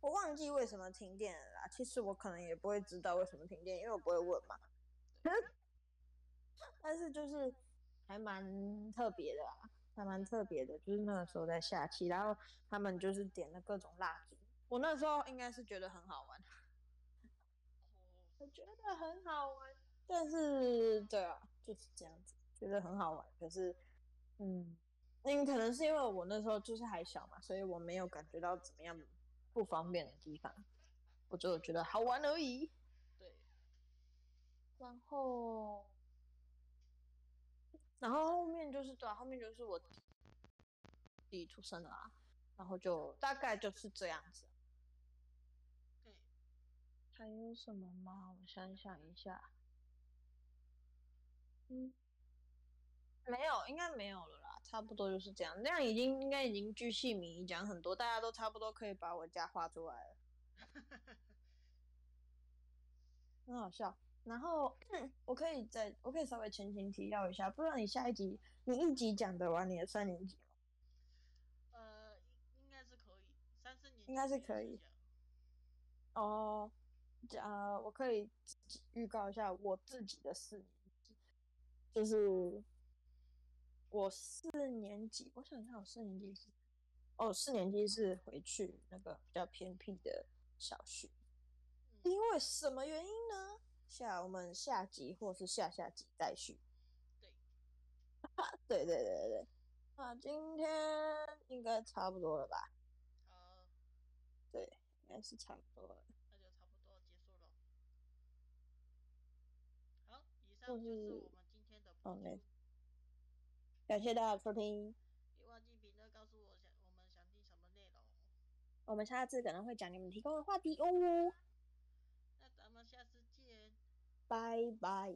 我忘記為什麼停電了啦。其實我可能也不會知道為什麼停電，因為我不會問嘛。 但是就是。還蠻特別的、啊、還蠻特別的，就是那個時候在下棋，然後他們就是點了各種蠟燭，我那時候應該是覺得很好玩、嗯，我覺得很好玩，但是對啊，就是這樣子，覺得很好玩，可是，嗯，因可能是因為我那時候就是還小嘛，所以我沒有感覺到怎麼樣不方便的地方，我就覺得好玩而已，對，然後。然後後面就是對、啊，後面就是我弟，弟出生了、啊，然後就大概就是這樣子。還有什麼嗎？我想想一下。嗯，沒有，應該沒有了啦，差不多就是這樣。那樣已經應該已經巨細靡遺講很多，大家都差不多可以把我家畫出來了， 很好笑。然後、嗯、我可以在我可以稍微前情提要一下，不知道你下一集你一集講的完你的三年級嗎？呃，應該是可以，三四年級應該是可以。哦，啊、呃，我可以自己預告一下我自己的四年級，就是我四年級，我想想，我四年級是哦，四年級是回去那個比較偏僻的小學，嗯、因為什麼原因呢？下我們下集或是下下集再續。對， 對對對對。那今天應該差不多了吧？好、呃，對，應該是差不多了。那就差不多結束了。好，以上就是我們
今天的
報告。Okay. 感謝大家的收聽。
別忘記評論告訴我我們想聽什麼內容。
我們下次可能會講你們提供的話題哦。拜拜。